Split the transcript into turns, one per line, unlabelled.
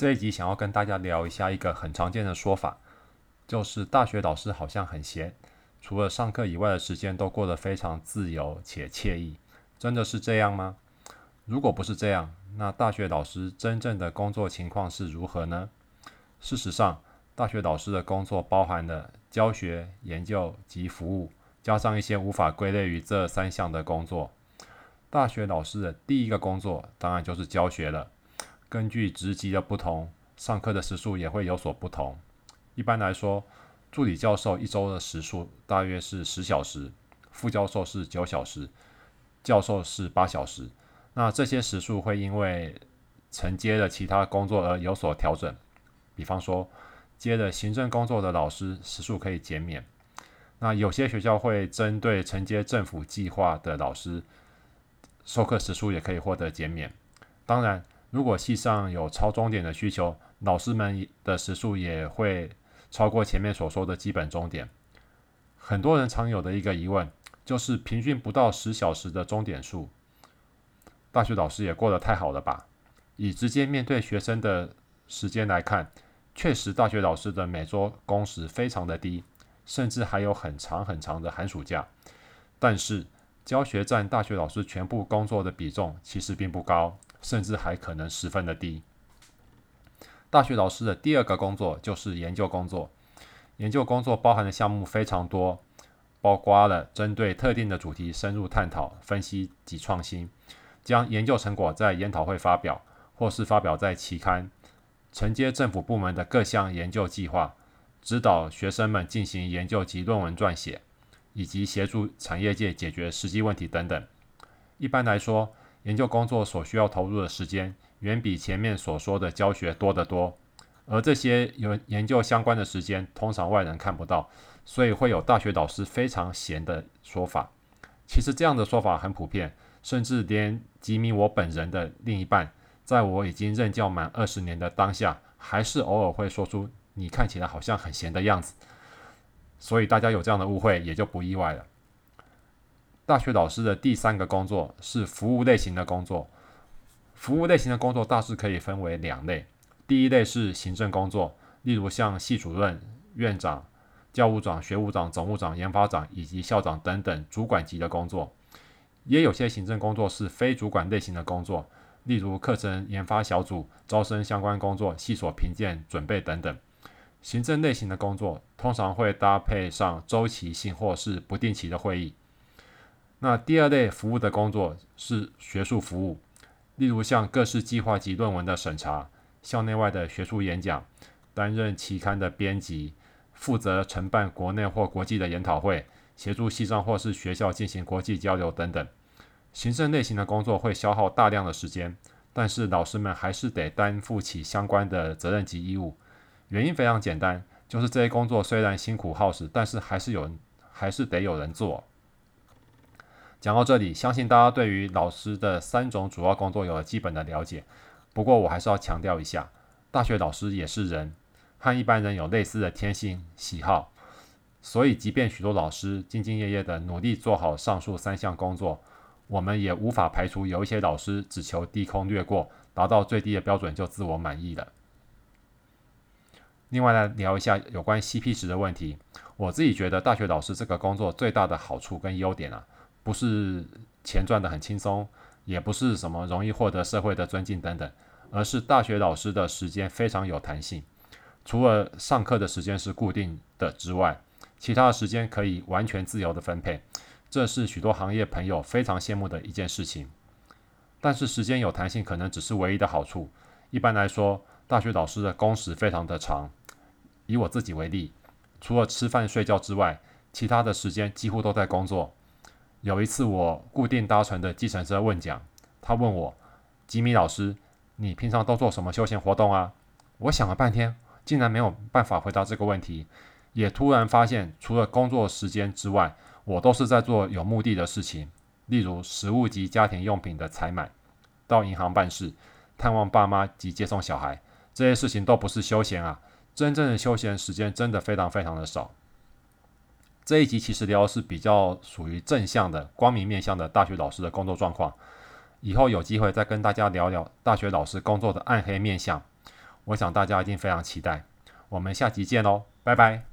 這一集想要跟大家聊一下一個很常見的說法，就是大學老師好像很閒，除了上課以外的時間都過得非常自由且愜意，真的是這樣嗎？如果不是這樣，那大學老師真正的工作情況是如何呢？事實上，大學老師的工作包含了教學、研究及服務，加上一些無法歸類於這三項的工作。大學老師的第一個工作當然就是教學了。根據職級的不同，上課的時數也會有所不同。一般來說，助理教授一周的時數大約是十小時，副教授是九小時，教授是八小時。那這些時數會因為承接的其他工作而有所調整。比方說，接了行政工作的老師時數可以減免。那有些學校會針對承接政府計劃的老師，授課時數也可以獲得減免。當然。如果系上有超鐘點的需求，老師們的時數也會超過前面所說的基本鐘點。很多人常有的一個疑問就是，平均不到十小時的鐘點數，大學老師也過得太好了吧？以直接面對學生的時間來看，確實大學老師的每周工時非常的低，甚至還有很長很長的寒暑假。但是，教學佔大學老師全部工作的比重其實並不高，甚至還可能十分的低。大學老師的第二個工作就是研究工作。研究工作包含的項目非常多，包括了針對特定的主題深入探討、分析及創新，將研究成果在研討會發表，或是發表在期刊，承接政府部門的各項研究計劃，指導學生們進行研究及論文撰寫。以及協助產業界解決實際問題等等。一般來說，研究工作所需要投入的時間遠比前面所說的教學多得多，而這些有研究相關的時間，通常外人看不到，所以會有大學老師非常閒的說法。其實這樣的說法很普遍，甚至連吉米我本人的另一半，在我已經任教滿二十年的當下，還是偶爾會說出“你看起來好像很閒的樣子”。所以大家有這樣的誤會也就不意外了。大學老師的第三個工作是服務類型的工作。服務類型的工作大致可以分為兩類，第一類是行政工作，例如像系主任、院長、教務長、學務長、總務長、研發長以及校長等等主管級的工作。也有些行政工作是非主管類型的工作，例如課程研發小組、招生相關工作、系所評鑑準備等等。行政類型的工作通常會搭配上周期性或是不定期的會議。那第二類服務的工作是學術服務，例如像各式計劃及論文的審查、校內外的學術演講、擔任期刊的編輯、負責承辦國內或國際的研討會、協助系上或是學校進行國際交流等等。行政類型的工作會消耗大量的時間，但是老師們還是得擔負起相關的責任及義務。原因非常簡單，就是這些工作雖然辛苦耗時，但是還是有，還是得有人做。講到這裡，相信大家對於老師的三種主要工作有了基本的了解。不過我還是要強調一下，大學老師也是人，和一般人有類似的天性、喜好，所以即便許多老師兢兢業業地努力做好上述三項工作，我們也無法排除有一些老師只求低空掠過，達到最低的標準就自我滿意了。另外來聊一下有關 CP 值的問題。我自己覺得，大學老師這個工作最大的好處跟優點啊，不是錢賺得很輕鬆，也不是什麼容易獲得社會的尊敬等等，而是大學老師的時間非常有彈性。除了上課的時間是固定的之外，其他的時間可以完全自由的分配。這是許多行業朋友非常羨慕的一件事情。但是時間有彈性，可能只是唯一的好處。一般來說，大學老師的工時非常的長。以我自己為例，除了吃飯睡覺之外，其他的時間幾乎都在工作。有一次，我固定搭乘的計程車問講，他問我：“吉米老師，你平常都做什麼休閒活動啊？”我想了半天，竟然沒有辦法回答這個問題。也突然發現，除了工作時間之外，我都是在做有目的的事情，例如食物及家庭用品的採買、到銀行辦事、探望爸媽及接送小孩，這些事情都不是休閒啊。真正的休閒時間真的非常非常的少。這一集其實聊的是比較屬於正向的、光明面向的大學老師的工作狀況。以後有機會再跟大家聊聊大學老師工作的暗黑面向，我想大家一定非常期待。我們下集見嘍，拜拜。